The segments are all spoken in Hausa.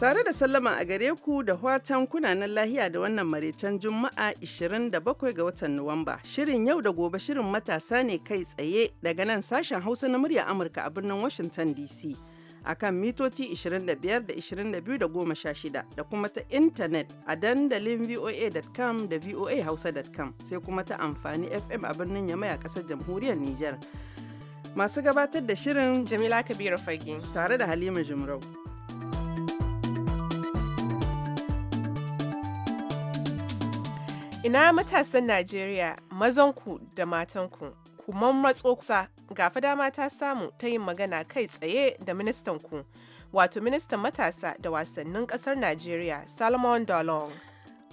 Tare da sallama a gare ku da watan kunanan lahiya da wannan maraicen Juma'a 27 ga watan Nuwamba. Shirin yau da gobe shirin matasa ne kai tsaye daga nan sashen Hausa na murya Amurka a birnin Washington DC. a kan mitoci 25 da 22 da 16 da kuma ta intanet a dandalin voa.com da voahausa.com sai kuma ta amfani fm a birnin yamai a kasar jamhuriyar Nijar. Masu gabatar da shirin Jamila Kabiru Fage tare da Halima Jumrau. Ina matasan Najeriya mazanku da matanku, ku matso kusa ga dama ta samu ta yin magana kai tsaye da ministan ku, wato ministan matasa da wasannin kasar Najeriya, Salomon Dolong.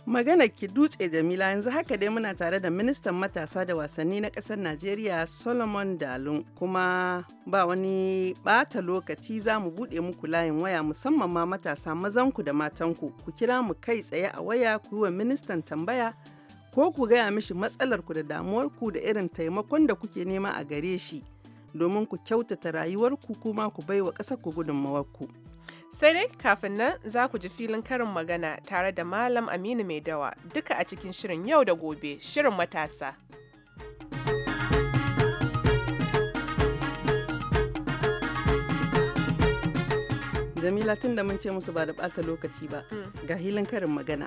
Magana ki dutse Jamila yanzu haka dai muna tare da ministan matasa da wasanni na kasar Najeriya Solomon Dalun kuma ba wani bata lokaci za mu buɗe muku layin waya musamman ma matasa mazanku da matanku ku kira mu kai tsaye a waya ku yi wa ministan tambaya ko ku gaya mishi matsalarku da damuwar ku da irin taimakon da kuke nema a gare shi domin ku kyautata rayuwar ku kuma ku baiwa ƙasar ku gudunmawarku. Sai dai kafin nan za ku ji filin karin magana tare da Malam Aminu Mai Dawa duka a cikin shirin yau da gobe shirin matasa. Jamila tun da mun ce musu ba da ɓata lokaci ba mm. ga hilin karin magana.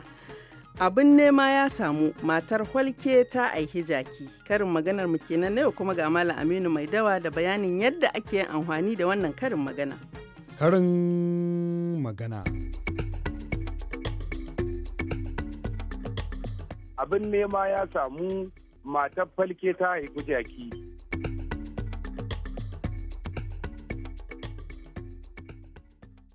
abin nema ya samu matar holke ta aiki jaki karin maganar mu kenan na yau kuma ga malam aminu mai dawa da bayanin yadda ake yin amfani da wannan karin magana karin magana abin nema ya samu matar falke ta aiki jaki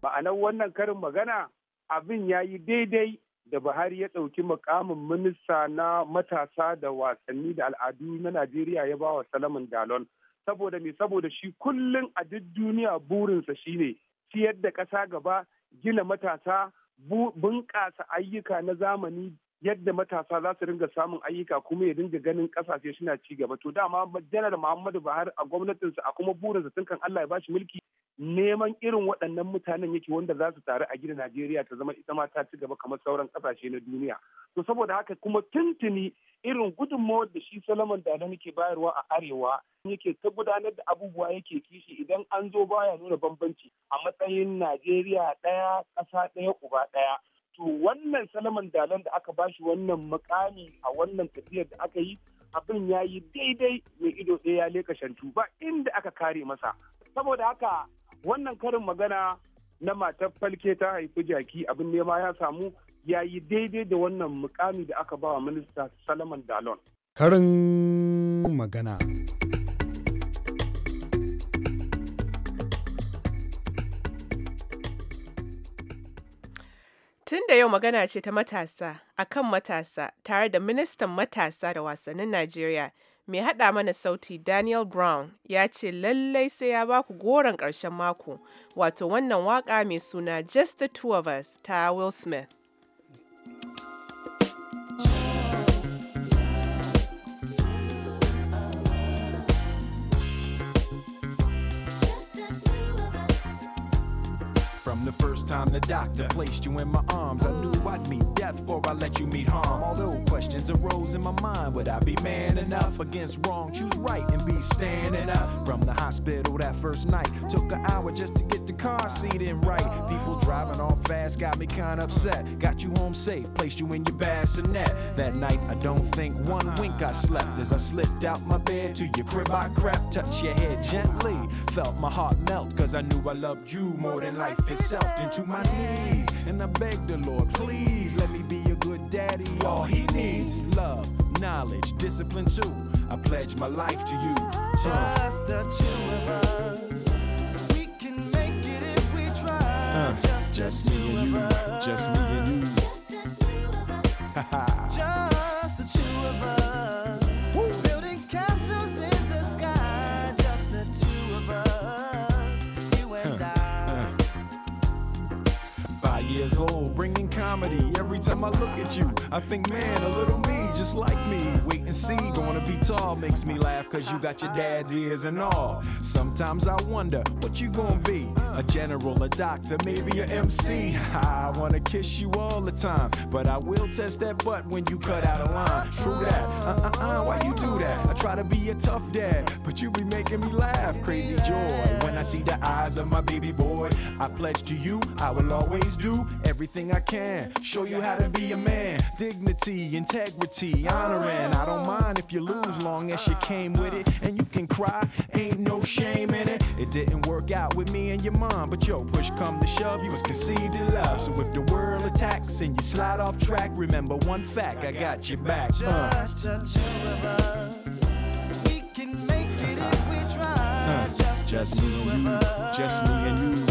ma'anar wannan karin magana abin ya yi daidai da Buhari ya ɗauki mukamin minista na matasa da wasanni da al'adu na Najeriya ya ba wa Salamin Dalon. Saboda me saboda shi kullum a duk duniya burinsa shine ciyar da ƙasa gaba, gina matasa, bunƙasa ayyuka na zamani yadda matasa za su ringa samun ayyuka kuma ya dinga ganin kasashe suna ci gaba to dama janar muhammadu buhari a gwamnatinsa a kuma burinsa tun kan allah ya bashi mulki neman irin waɗannan mutanen yake wanda za su taru a gidan najeriya ta zama ita ma ta ci gaba kamar sauran kasashe na duniya to saboda haka kuma tuntuni irin gudunmawar da shi salaman da nake bayarwa a arewa yake ta gudanar da abubuwa yake kishi idan an zo baya nuna bambanci a matsayin najeriya ɗaya ƙasa ɗaya uba ɗaya to wannan salaman dalan da aka bashi wannan mukami a wannan tafiyar da aka yi abin ya yi daidai mai ido ɗaya ya leka shantu ba inda aka kare masa saboda haka wannan karin magana na matar falke ta haifi jaki abin nema ya samu ya yi daidai da wannan mukami da aka ba wa minista salaman dalon karin magana Tun da yau magana ce ta matasa a kan matasa tare da ministan matasa da wasannin Najeriya mai haɗa mana sauti Daniel Brown ya ce lallai sai ya ba ku goron ƙarshen mako wato wannan waƙa mai suna Just the Two of Us ta Will Smith. The first time the doctor placed you in my arms, I knew I'd meet death before I let you meet harm. Although questions arose in my mind, would I be man enough against wrong? Choose right and be standing up. From the hospital that first night, took an hour just to get car seat in right. People driving off fast got me kinda upset. Got you home safe, placed you in your bassinet. That night, I don't think one wink I slept as I slipped out my bed to your crib. I crept, touched your head gently. Felt my heart melt, cause I knew I loved you more than life itself. Into my knees, and I begged the Lord, please let me be your good daddy. All he needs love, knowledge, discipline too. I pledge my life to you. Just the two of us, we can make it. Uh, just me and you, just me and you. just the two of us. Building castles in the sky. Just the two of us. You and I. Five years old, bringing comedy. Every time I look at you, I think, man, a little me just like me. Wait and see, gonna be tall makes me laugh, cause you got your dad's ears and all. Sometimes I wonder what you gonna be a general, a doctor, maybe a MC. I wanna kiss you all the time, but I will test that butt when you cut out a line. True that, uh uh uh, why you do that? I try to be a tough dad, but you be making me laugh. Crazy joy when I see the eyes of my baby boy. I pledge to you, I will always do everything I can. Show you how to be a man, dignity, integrity loyalty, honoring. I don't mind if you lose, long as you came with it. And you can cry, ain't no shame in it. It didn't work out with me and your mom, but yo, push come to shove, you was conceived in love. So if the world attacks and you slide off track, remember one fact, I got your back. Uh. Just the two of us, we can make it if we try. Uh, just, just me of us, just me and you.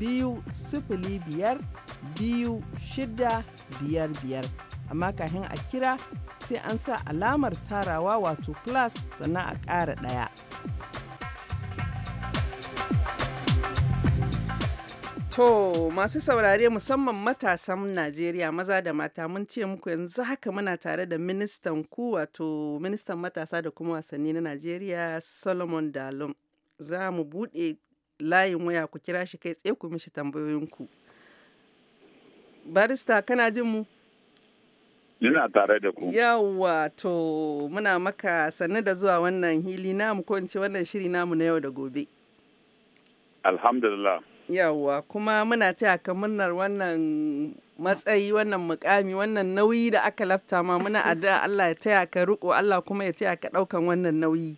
biyu sifili biyar biyu shida biyar biyar amma kafin a kira sai an sa alamar tarawa wato plus sannan a ƙara ɗaya. To masu saurare musamman matasan Najeriya maza da mata mun ce muku yanzu haka muna tare da ministan ku wato ministan matasa da kuma wasanni na Najeriya Solomon Dalum. Za mu buɗe layin waya ku kira shi kai tsaye ku mishi tambayoyinku. Barista kana jin mu? Ina tare da ku. Yawwa to muna maka sannu da zuwa wannan hili namu ko in ce wannan shiri namu na yau da gobe. Alhamdulillah. Yawwa kuma muna taya ka murnar wannan matsayi wannan mukami wannan nauyi da aka lafta ma muna addu'a Allah ya taya ka riko Allah kuma ya taya ka daukan wannan nauyi.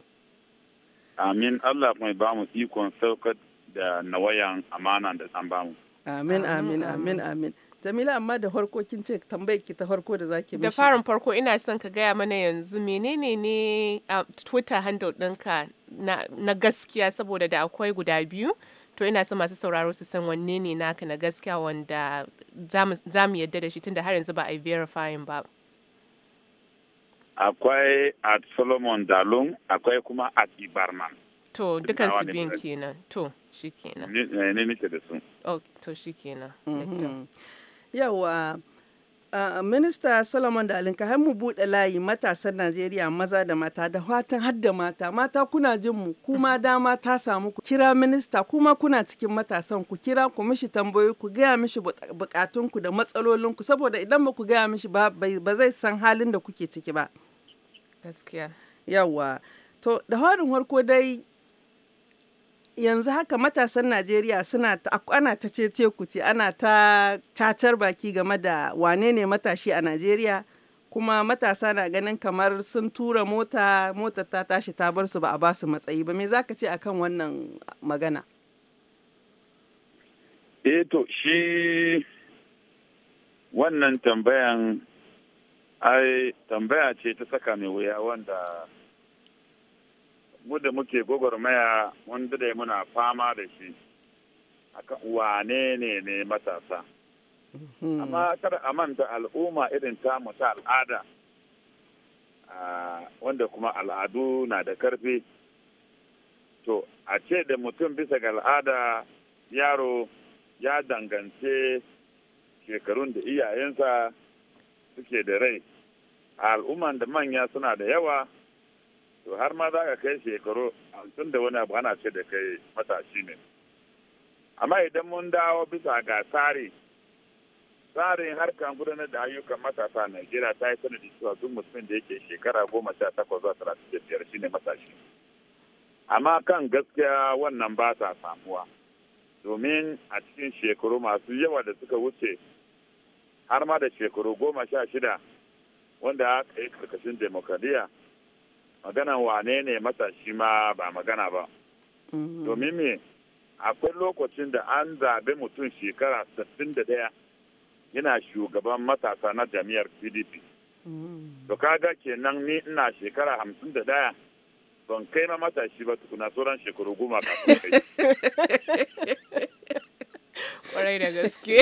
Amin Allah mai ba mu ikon saukar da nawayan amana da an bamu. Amin, amin, amin, amin. Jamila amma da farko kin ce tambayar ki ta farko da zaki mishi. Da farin farko ina son ka gaya mana yanzu menene ne a Twitter handle ɗinka na gaskiya saboda da akwai guda biyu. To ina son masu sauraro su san wanne ne naka na gaskiya wanda za mu yadda da shi tunda har yanzu ba a yi verifying ba. Akwai at Solomon Dalung, akwai kuma at Ibarman. To dukan su biyun kenan. To shi kenan. Ne eh, nake da su. to shi kenan. Mhm. Yawa. Minista Solomon Dalin ka har mu buɗe layi matasan Najeriya maza da mata da fatan har da mata mata kuna jin mu kuma dama ta samu ku kira minista kuma kuna cikin matasan ku kira ku mishi tambayoyi ku gaya mishi bukatun ku da matsalolin ku saboda idan ba ku gaya mishi ba ba zai san halin da kuke ciki ba gaskiya yawa to da harin harko dai yanzu haka matasan Najeriya suna ana ta cece ce ana ta cacar baki game da wane ne matashi a Najeriya kuma matasa na ganin kamar sun tura mota mota ta tashi ta bar su ba a basu matsayi ba me zaka ce akan wannan magana eh to shi wannan tambayan ai tambaya ce ta saka mai wuya wanda mu da muke gwagwarmaya mun dade muna fama da shi akan wane ne ne matasa mhm. amma kada a manta al'umma irin ta ta al'ada wanda kuma al'adu na da karfi to a ce da mutum bisa ga al'ada yaro ya dangance shekarun da iyayensa suke da rai a al'umman da manya suna da yawa to har ma za ka kai shekaru hamsin da wani abu ana ce da kai matashi ne amma idan mun dawo bisa ga tsari tsarin harkar gudanar da ayyukan matasa a Najeriya ta yi sanadi cewa duk mutumin da yake shekara goma sha takwas zuwa talatin da biyar shine matashi. Amma kan gaskiya wannan ba ta samuwa. Domin a cikin shekaru masu yawa da suka wuce har ma da shekaru goma sha shida wanda aka yi karkashin demokradiyya maganan wane ne matashi ma ba magana ba mhm. domin me akwai lokacin da an zabe mutum shekara 61 yana shugaban matasa na jami'ar pdp mhm. to kaga kenan ni ina shekara 51 ban kai ma matashi ba tukuna sauran shekaru goma kafin kai kwarai da gaske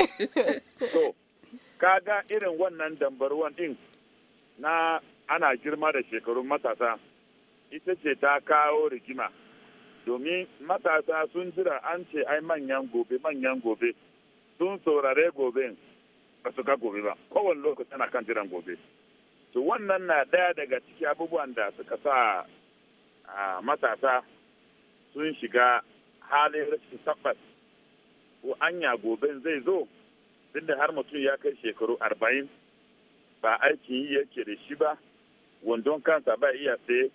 to kaga irin wannan dambarwan din na ana girma da shekarun matasa ita ce ta kawo rigima domin matasa sun jira an ce ai manyan gobe manyan gobe sun saurare gobe ba su ka gobe ba kowane lokaci ana kan jiran gobe to wannan na daya daga ciki abubuwan da suka sa matasa sun shiga halin rashin tabbas ko anya gobe zai zo tun da har mutum ya kai shekaru arba'in ba aikin yi yake da shi ba wandon kansa ba iya tsaye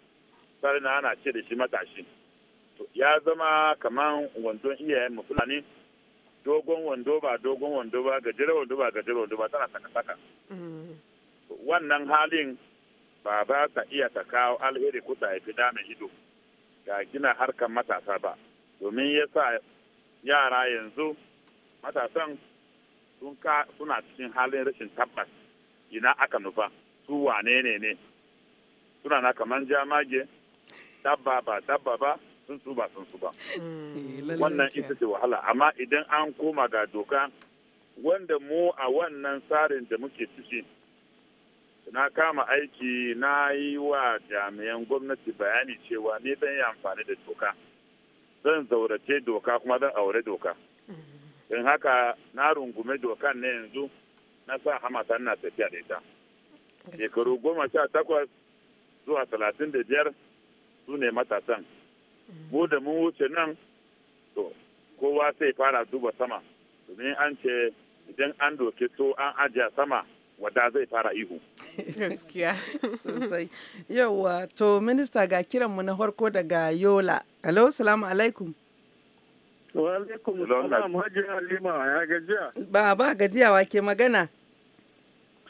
na ana ce da shi matashi ya zama kaman wandon iyayen mu fulani dogon wando ba dogon wando ba gajere wando ba gajere wando ba tana saka saka mm. wannan halin ba ba ta iya ta kawo alheri ko ta haifi damin mai ido ga gina harkar matasa ba domin ya sa yara yanzu matasan sun ka suna cikin halin rashin tabbas ina aka nufa su wane ne ne suna na kaman jamage dabba ba dabba ba sun su ba sun su ba hmm. eh, wannan ita ce wahala amma idan an koma ga doka wanda mu a wannan tsarin da muke ciki na kama aiki na yi wa jami'an gwamnati bayani cewa ni zan yi amfani da doka zan zaurace doka kuma zan aure doka hmm. in haka na rungume dokan ne yanzu na sa hamata na tafiya da ita shekaru goma sha takwas zuwa talatin da biyar su ne matasan mm. mu da mun wuce nan to kowa sai fara duba sama domin an ce idan an doke to an ajiya sama wada zai fara ihu gaskiya sosai yauwa to minista ga kiranmu na farko daga yola alo salamu alaikum wa alaikum salam hajji halima ya gajiya ba ba gajiya wa ke magana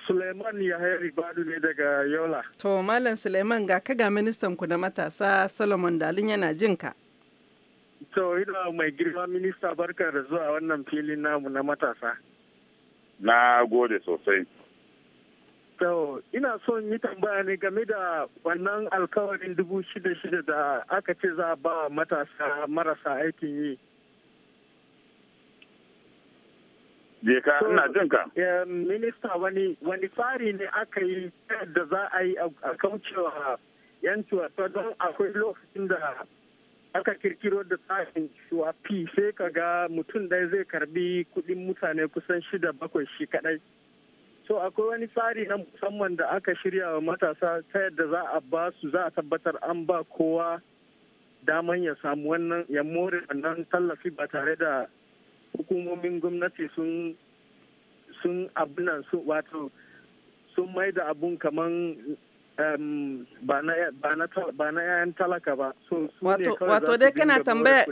Suleiman Yahaya Ribadu ne daga Yola. To, Malam Suleiman ga kaga ministan ku na matasa Solomon Dalin yana jin ka. To, ina mai girma minista barka da zuwa wannan filin namu na matasa. Na gode sosai. To, ina son yi tambaya ne game da wannan alkawarin dubu shida shida da aka ce za ba matasa marasa aikin yi. je ina jin ka minista wani tsari ne aka yi da za a yi a kaucewa yan cuwata don akwai lokacin da aka kirkiro da tsarin fi sai ka ga mutum ɗaya zai karbi kuɗin mutane kusan shida bakwai shi kaɗai so akwai wani tsari na musamman da aka shirya wa matasa ta yadda za a ba su za a tabbatar an ba kowa daman ya samu wannan ya more wannan tallafi ba tare da hukumomin gwamnati sun sun abunan su wato sun mai da abun kaman ba na yayan talaka ba so wato dai kana tambaya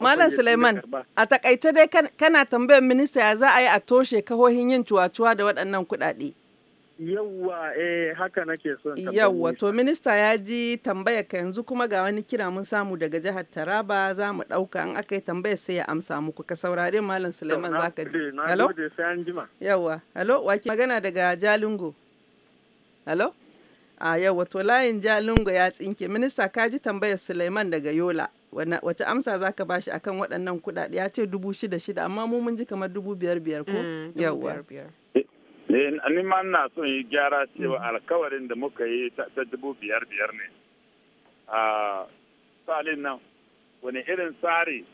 malam suleiman a takaice dai kana tambayar minista ya za a yi a toshe kahohin yin cuwa-cuwa da waɗannan kuɗaɗe Yawwa eh haka nake son Yawwa to minista ya ji tambayar ka yanzu kuma ga wani kira mun samu daga jihar Taraba za mu ɗauka an aka yi tambayar sai ya amsa muku ka saurare Malam Suleiman za ji. Hello? Yawwa. Hello? Wake magana daga Jalingo. Hello? A ah, yawwa to layin Jalingo ya tsinke minista ka ji tambayar Suleiman daga Yola. wace amsa za ka bashi akan waɗannan kuɗaɗe ya ce dubu shida shida amma mu mun ji kamar dubu biyar biyar ko? Mm, yawwa. Eh, ni ma na son yi gyara cewa alkawarin da muka yi ta dubu biyar biyar ne a salin nan wani irin tsari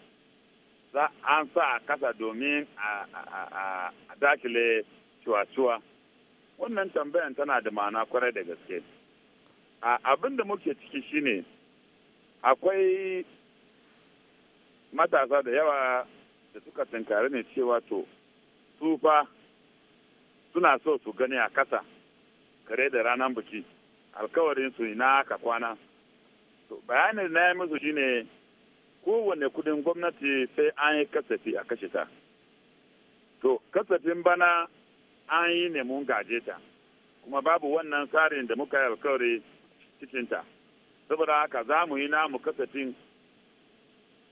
za an sa a kasa domin a dakile cuwa-cuwa wannan tambayan tana da ma'ana kwarai da gaske abin da muke ciki shine akwai matasa da yawa da suka tunkari ne cewa to tufa suna so su gani a kasa kare da ranar biki alkawarin su na ka kwana bayanin na yi musu shine kowane kudin gwamnati sai an yi kasafi a kashe ta to kasafin bana an yi ne mun gaje ta kuma babu wannan tsarin da muka yi alkawari cikinta saboda haka za mu yi namu kasafin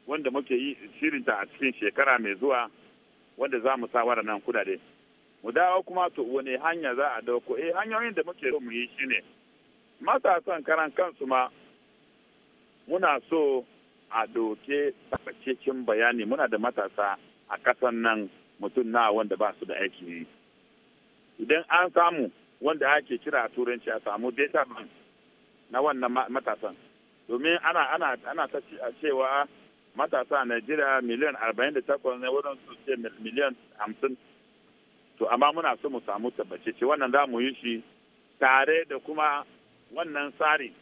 wanda muke yi shirinta a cikin shekara mai zuwa wanda za mu sa waɗannan kudade. mu dawo kuma to wani hanya za a dauko eh hanyoyin da muke mu yi shine matasan karan kansu ma muna so a doke tabbacecin bayani muna da matasa a kasan nan mutum na wanda ba su da aiki ne. idan an samu wanda ake kira a turanci a samu data bank na wannan matasan domin ana ana ana ta cewa matasa a Najeriya miliyan 48 ne wurin su ce miliyan 50 to amma muna so mu samu tabbace wannan za mu yi shi tare da kuma wannan tsari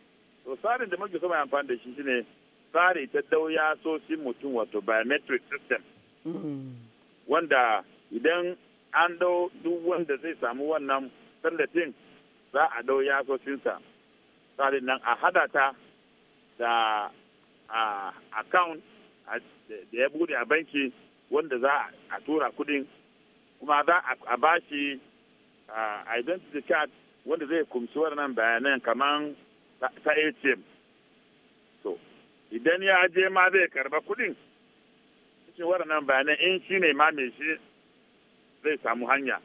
to tsarin da muke so mai amfani da shi shine tsari ta dauya sosin mutum wato biometric system mm-hmm. wanda idan an dau duk wanda zai samu wannan tallafin za a dau yasosinsa tsarin nan a hada ta da account da ya bude a banki wanda za a tura kudin kuma za a ba shi identity card wanda zai kumshi waɗannan bayanan kamar ta atm to idan ya je ma zai karba kuɗin cikin waɗannan bayanan in shi ne ma mai shi zai samu hanya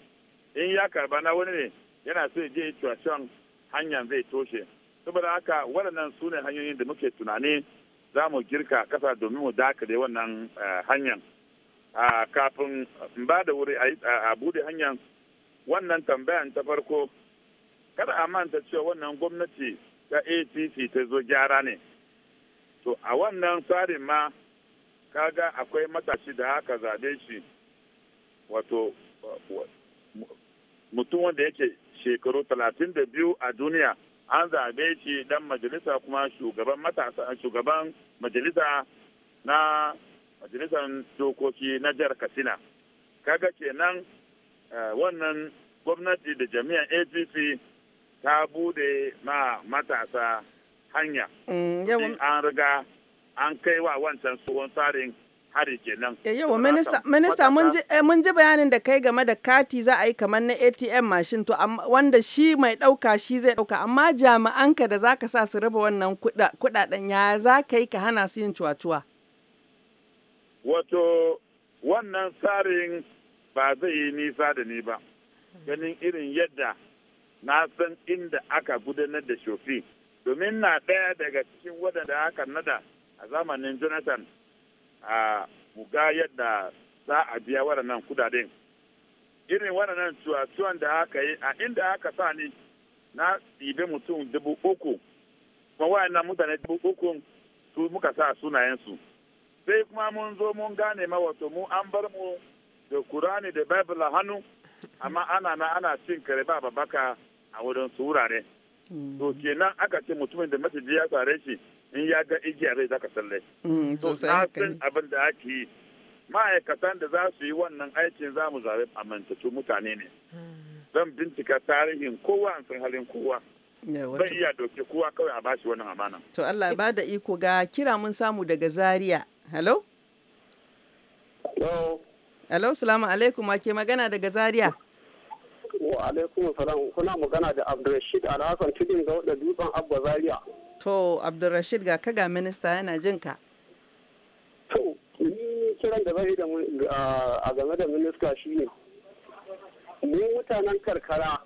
in ya karba na wani ne yana so je cuwacen hanyar zai toshe saboda haka waɗannan su ne hanyoyin da muke tunani za mu girka ƙasa domin mu dakile wannan eh, hanyar a kafin ba da wuri a bude hanyar wannan tambayan ta farko kada a manta cewa wannan gwamnati ta apc ta zo gyara ne to a wannan tsarin ma kaga akwai matashi da haka zabe shi wato mutum wanda yake shekaru talatin da biyu a duniya an zabe shi dan majalisa kuma shugaban matasa shugaban majalisa na majalisar dokoki na jihar katsina kaga kenan eh, wannan gwamnati da jami'an apc ta bude ma matasa hanya mm, an riga an kai wa wancan tsohon tsarin hari kenan. Eh, Yawa minista eh, mun ji bayanin da kai game da kati za a yi kamar na ATM mashin to wanda shi mai ɗauka shi zai ɗauka amma jami'anka da za ka sa su raba wannan kuɗaɗen ya za ka yi ka hana su yin cuwa-cuwa. wato wannan tsarin ba zai yi nisa da ni ba ganin irin yadda na san inda aka gudanar da shofi domin na ɗaya daga cikin waɗanda aka nada a zamanin jonathan a muga yadda za a biya waɗannan kudaden irin waɗannan cuwa da aka yi a inda aka sa ni na ɗibe mutum dubu uku kuma waɗannan mutane dubu uku su muka sa sunayensu sai kuma mun zo mun gane ma wato mu an bar mu da kurani da bible a hannu amma ana na ana cin kare ba babaka a wurin surare. wurare mm. to kenan aka ce mutumin da masjidi ya sare shi in ya ga igiya zai zaka salle mm, to na abin da ake yi ma'aikatan da za su yi wannan aikin za mu zaɓi amintattu mutane ne mm. zan bincika tarihin kowa an san halin kowa zan iya doke kowa kawai a bashi wannan amana to Allah ba da iko ga kira mun samu daga Zaria hello hello hello salamu alaikum ke magana daga zaria wa alaikum salam kuna magana da abdulrashid alhassan tudin ga wadda dutsen abba zaria to abdulrashid ga kaga minista yana jin ka to ni kiran da zai da a game da minista shine Ni mutanen karkara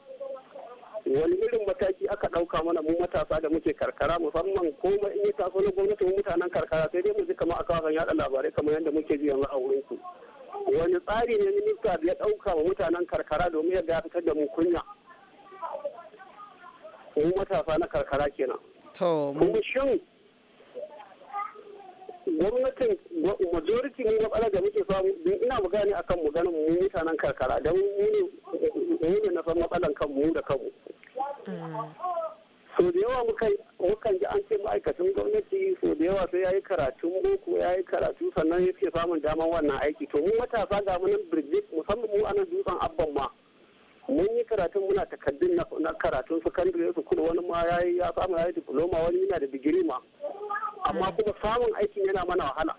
wani irin mataki aka ɗauka mana mu matasa da muke karkara musamman ko in ya taso na gwamnati mutanen karkara sai dai mu ji kamar a kafafen yaɗa labarai kamar yadda muke ji yanzu a wurin ku wani tsari ne minista ya ɗauka wa mutanen karkara domin yadda ya fitar da mu kunya mu matasa na karkara kenan. To, kuma gwamnatin majority ne matsalar da muke samu don ina magana akan maganar mu mutanen karkara don mu ne na san matsalan kanmu da kanmu so da yawa mukan ji an ce ma'aikacin gwamnati so da yawa sai ya yi karatun boko ya yi karatu sannan ya samun damar wannan aiki to mu matasa ga munan birgit musamman mu anan dutsen abban ma mun yi karatun muna takaddun na karatun secondary school wani ma ya yi ya samu ya yi diploma wani yana da digiri ma amma kuma samun aikin yana mana wahala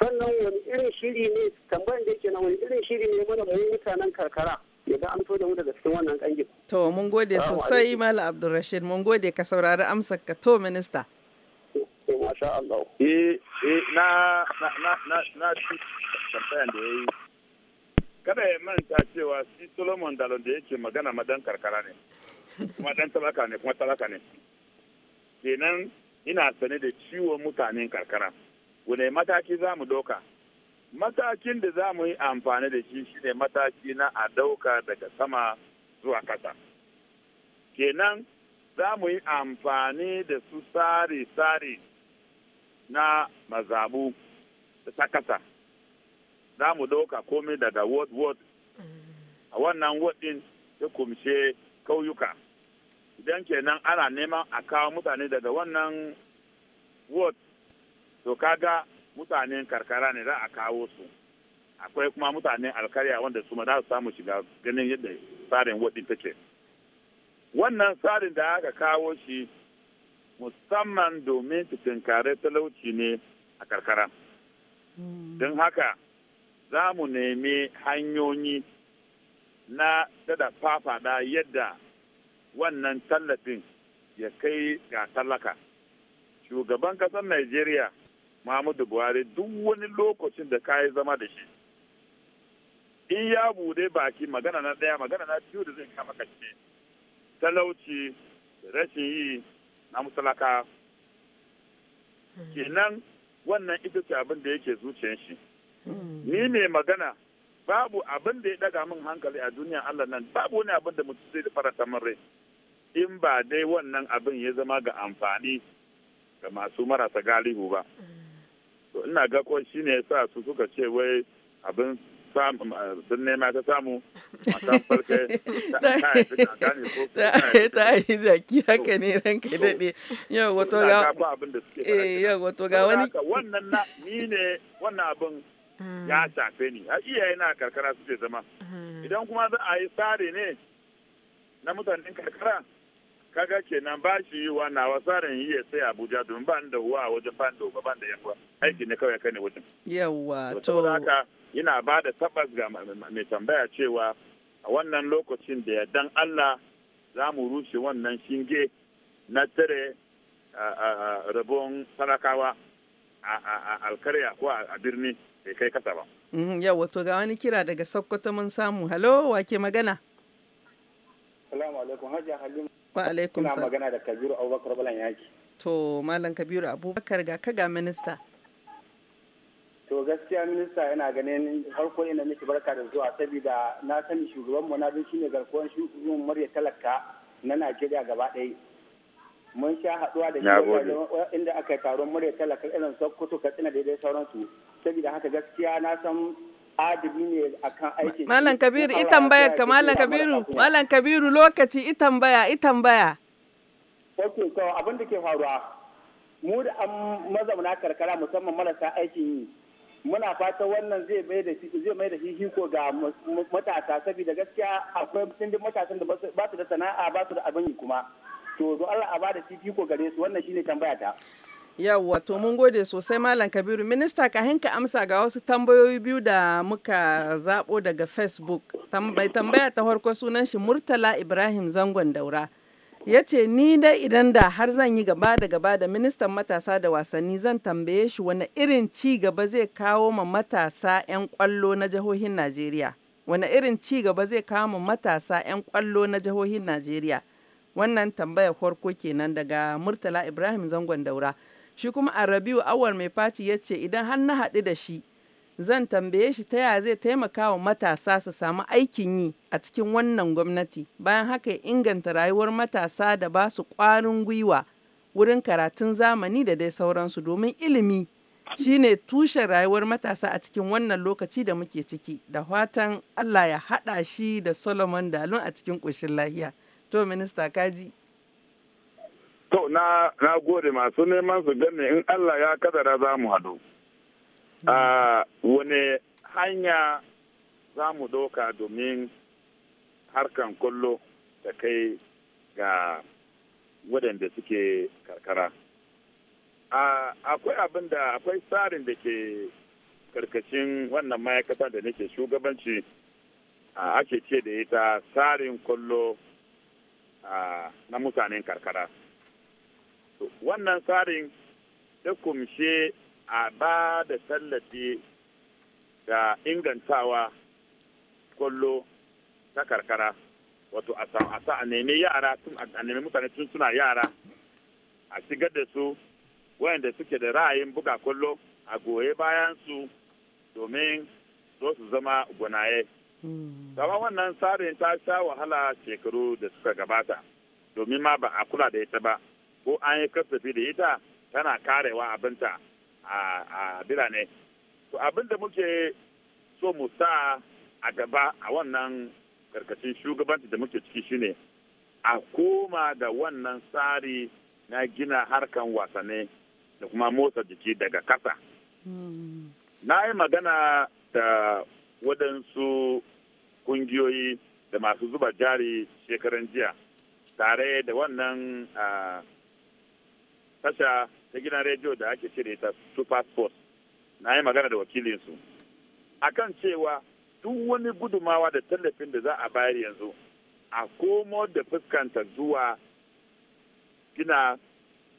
sannan wani irin shiri ne tambayan da yake na wani irin shiri ne mana mu mutanen karkara yadda an da mu daga cikin wannan kangi. To mun gode sosai Malam Abdulrashid mun gode ka saurari amsar ka to minista. Eh, eh, na na na na kada ya manta cewa shi solomon dalon da yake magana madan karkara ne kuma dan talaka ne kuma talaka ne kenan ina sane da ciwon mutanen karkara wane mataki za mu doka matakin da za mu yi amfani da shi shine mataki na a dauka daga sama zuwa kasa kenan za mu yi amfani da su tsari-tsari na mazabu ta kasa za mu ɗauka komai daga ward ward a wannan ward ɗin ya kumshe kauyuka idan kenan ana neman a kawo mutane daga wannan ward to kaga mutanen karkara ne za a kawo su akwai kuma mutanen alkarya wanda su ma za su samu shiga ganin yadda tsarin ward ɗin take wannan tsarin da aka kawo shi musamman domin su tinkare talauci ne a karkara. Hmm. Don haka za mu nemi hanyoyi na dada fafada yadda wannan tallafin ya kai ga talaka shugaban ƙasar najeriya muhammadu buhari duk wani lokacin da ka yi zama da shi in ya bude baki magana na ɗaya magana na biyu da zai kama kashe talauci rashin yi na musalaka hmm. kenan wannan ita ce abin da yake zuciyar shi Mm. ni mai magana babu abin da ya daga min hankali a duniya Allah nan babu wani abin da mutum zai faranta min rai in ba dai wannan abin ya zama ga amfani ga masu marasa galihu ba mm. to ina ga ko shine yasa su suka ce wai abin sun nema ta samu farke ta yi zaki haka ne ranka daɗe eh, yau wato ga wani wannan ni ne wannan abin Mm. ya shafe ni har iyaye na karkara suke zama mm. idan kuma za a yi tsari ne na mutanen karkara kaga kenan ba shi yi wa nawa tsarin yi ya sai abuja domin ba da huwa a wajen bando ba ban da yawa aiki ne kawai kai ne wajen yawa to haka yana ba da tabbas ga mai tambaya cewa a wannan lokacin da yardan allah za mu rushe wannan shinge na tare rabon sarakawa a alkarya ko a birni bai kai kasa ba. Mm-hmm. Yau wato ga wani kira daga Sokoto mun samu. Halo wake magana? Salamu alaikum Hajiya Halima. Wa alaikum salam. Ina magana da Kabiru Abubakar Balan Yaki. To Malam Kabiru Abubakar ga kaga minista. To gaskiya minista yana ganin harko ina miki barka da zuwa saboda na sani shugaban mu na bin shine garkuwan shugaban murya talaka na Najeriya gaba ɗaya. Mun sha haɗuwa da shi inda aka taron murya talaka irin Sokoto Katsina daidai sauransu. saboda haka gaskiya na san adabi ne akan aikin malam kabiru i tambaya ka malam kabiru malam kabiru lokaci i tambaya i tambaya Okay to abin da ke faruwa mu da an mazauna karkara musamman marasa aikin yi muna fata wannan zai mai da zai mai da hiko ga matasa saboda gaskiya akwai dindin matasan da ba su da sana'a ba su da abin yi kuma to zo Allah a ba da hiko gare su wannan shine tambaya ta Yawwa, to mun gode sosai Malam Kabiru. Minista ka hinka amsa ga wasu tambayoyi biyu da muka zabo daga Facebook. Tambai tambaya ta farko sunan shi Murtala Ibrahim Zangon Daura. Ya ce ni dai idan da har zan yi gaba da gaba da ministan matasa da wasanni zan tambaye shi wani irin ci gaba zai kawo ma matasa 'yan kwallo na jihohin Najeriya. Wani irin ci gaba zai kawo ma matasa 'yan kwallo na jihohin Najeriya. Wannan tambayar farko kenan daga Murtala Ibrahim Zangon Daura. Shi kuma a Rabiu Awar mai faci ya ce idan har na haɗu da shi zan tambaye shi ta yaya zai taimaka wa matasa su samu aikin yi a cikin wannan gwamnati bayan haka ya inganta rayuwar matasa da ba su ƙwarin gwiwa wurin karatun zamani da dai sauransu domin ilimi shine tushen rayuwar matasa a cikin wannan lokaci da muke ciki da fatan Allah ya haɗa shi da Solomon Dalun a cikin ƙoshin lahiya. To minista kaji. To na na gode masu neman su gane in Allah ya kadara za mu a hmm. ah, Wane hanya za mu doka domin harkan kullo da kai ga waɗanda suke karkara. Ah, akwai abin da akwai tsarin da ke karkashin wannan ma'aikata da nake shugabanci a ake ce da ita tsarin kullo ah, na mutanen karkara. wannan tsarin ta kumshe a ba da tallafi ga ingantawa kwallo ta karkara wato a sa a nemi yara a nemi mutane tun suna yara a shigar da su wayanda suke da ra'ayin buga kwallo a goye bayan su domin zo su zama gwanaye. Sama hmm. wannan tsarin ta sha wahala shekaru da suka gabata domin ma ba a kula da ita ba. ko an yi kasafi da ita tana karewa abinta a birane to abin da muke so mu sa a gaba a wannan karkashin shugabanci da muke ciki shine a koma da wannan tsari na gina harkan wasanni da kuma motsa jiki daga kasa na yi magana da waɗansu ƙungiyoyi da masu zuba jari shekaran jiya tare da wannan ah, tasha ta gidan rediyo da ake cire ta super sports na yi magana da wakilinsu akan cewa duk wani gudumawa da tallafin da za a bayar yanzu a komo da fuskanta zuwa gina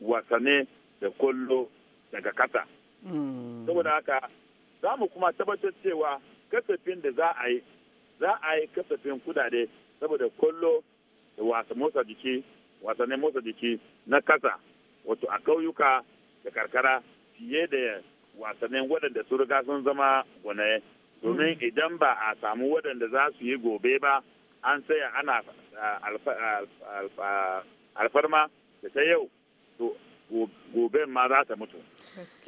wasane da kollo daga kasa hmm. saboda haka za mu kuma tabbatar cewa kasafin da za a yi za a yi kasafin kudade saboda kollo da wasa motsa wasannin motsa jiki na kasa wato a ƙauyuka da karkara fiye da wasannin waɗanda su riga sun zama gwanaye domin mm. idan ba a samu waɗanda za su yi gobe ba an saya ana alfarma da ta yau to goben ma za ta mutu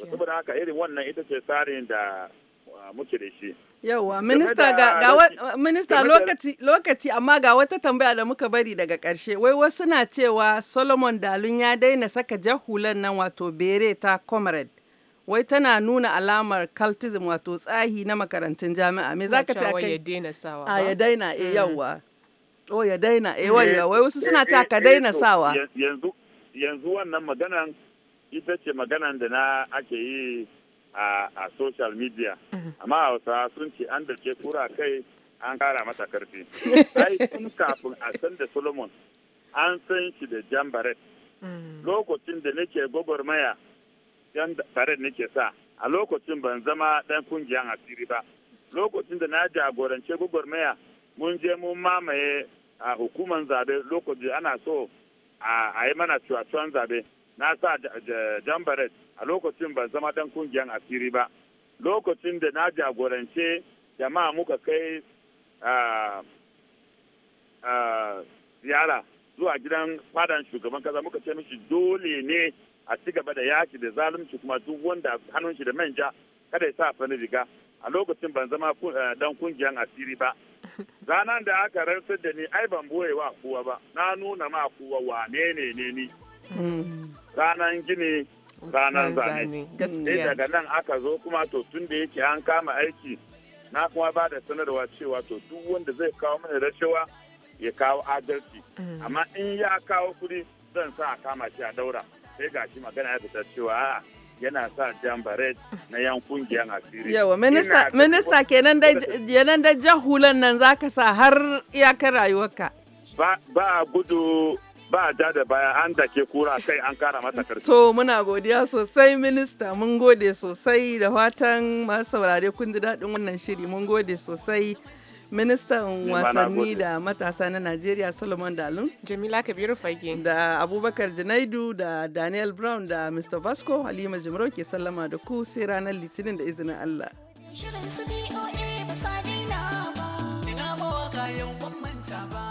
saboda haka irin wannan ita ce tsarin da muke da shi Yauwa, minista ga, ga minista lokaci lokaci amma ga wata tambaya da muka bari daga ƙarshe. Wai wasu na cewa Solomon Dalun ya daina saka jahulan nan wato bere ta comrade. Wai tana nuna alamar cultism wato tsahi na makarantun jami'a. Me zaka ce akai? Ya daina sawa. Ah, A ya daina eh mm. yauwa. o oh, ya daina eh, eh wai wai wasu suna eh, ce ka eh, daina sawa. Yanzu yanzu wannan maganan ita ce maganan da na ake yi a a social media mhm. amma hausa sun ce an da kura kai an kara mata karfi ai tun kafin a san da solomon an san shi da jan baret mhm. lokacin da nake maya jan baret nake sa a lokacin ban zama dan kungiyan asiri ba lokacin da na jagorance maya mun je mun mamaye a hukumar zabe lokacin ana so a yi mana cuwacuwan zabe na sa jan baret a lokacin ban zama dan kungiyar asiri ba lokacin da na jagorance jama'a muka kai ziyara zuwa gidan fadan shugaban kasa muka ce mishi dole ne a ci gaba da yaki da zalunci kuma duk wanda hannun shi da manja kada ya sa fani riga a lokacin ban zama eh, dan kungiyar asiri ba ranar da aka rantsar da ni ai ban boye wa kowa ba na nuna ma kowa wane ne ne ni hmm. ranar gini ranar zane hmm, sai daga nan aka zo kuma to tun da yake an kama aiki na kuma ba da sanarwa cewa to duk wanda zai kawo mana rashawa ya kawo adalci mm. amma in ya kawo kuɗi zan sa a kama shi a daura sai ga shi magana ya fitar cewa a'a yana sa jambaret na yan kungiyar asiri. Yawa, minista kenan da jahulan nan zaka sa har iyakar rayuwarka. Ba a gudu ba ja da baya an dake kura kai an kara mata karfi. To muna godiya sosai minista mun gode sosai da watan masu saurare kun ji daɗin wannan shiri mun gode sosai ministan wasanni da matasa na Najeriya Solomon Dalun. Jamila Kabiru Fage. Da Abubakar Janaidu da Daniel Brown da Mr. Vasco Halima Jimro ke sallama da ku sai ranar Litinin da izinin Allah. Shirin su BOA ba sa ba. Ina yau ban manta ba.